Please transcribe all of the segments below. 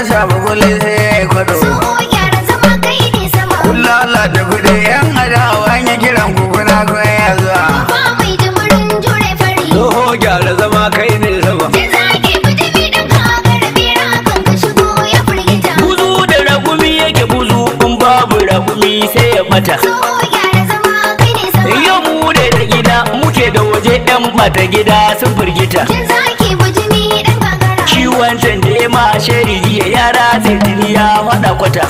an samu sai ya yi kwado da yan adawa an yi kiran kukuna ya zuwa tsoho gyara zama kai ne sama buzu da ragumi yake buzu in babu ragumi sai ya bata yau mu da gida muke da waje yan bata gida sun firgita yara zai ya faɗa kwata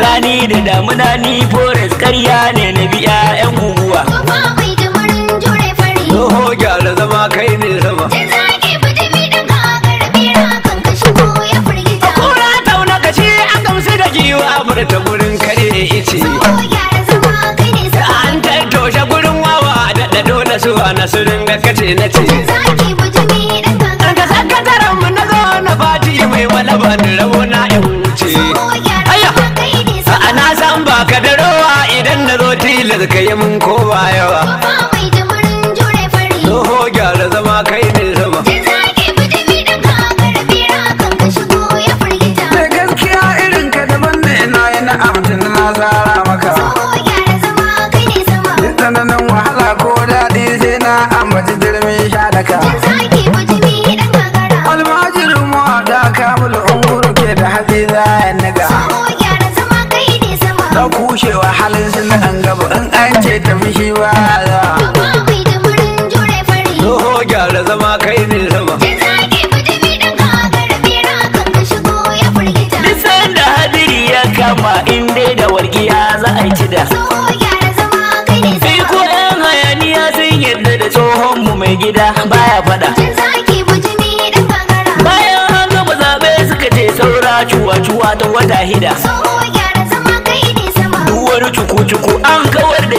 rani da damuna ni forex karya ne na biya yan guguwa Oho gyara zama kai ne sama Ta tauna kashi a gamsu da giwa furta gurin kare ice An tattoshe gurin wawa da ɗaɗo da su a nasirin na ce bani rawa lokacin an an an ce tafi shi ba za. Oho gyara zama kai ne zama. ya firgita. Nisan da hadiri ya kama in dai da wargiya za a ci da. hayaniya sun yarda da tsohon mu mai gida baya faɗa. Bayan an gama zaɓe suka ce saura cuwa-cuwa ta wata hida.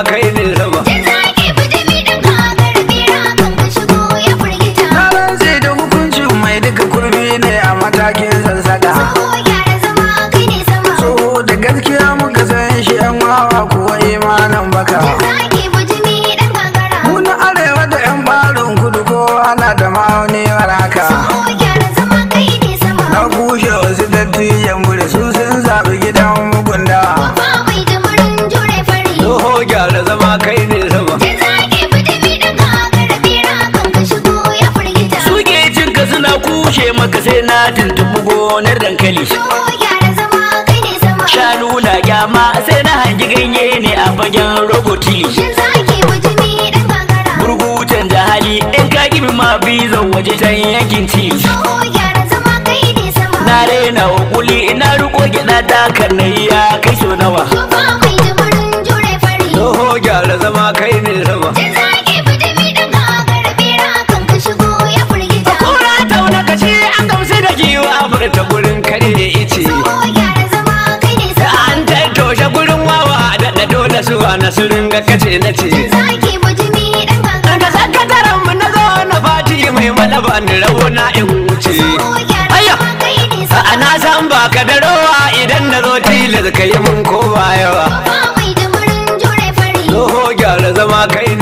agree ƙaunar dankali shanu na gyama sai na hangi ganye ne a fagen rogotili burgutan da hali in ka gibi ma zan waje ta yankin ci na raina hukuli ina riko gida dakar na iya kai so nawa Doho gyara zama kai ne su ringa kace na ce zaki bujimi dan ganga sakataren mu na zo na fati mai malaba ni na in wuce ayya a na san baka da rawa idan na zo tilas yi min ko yawa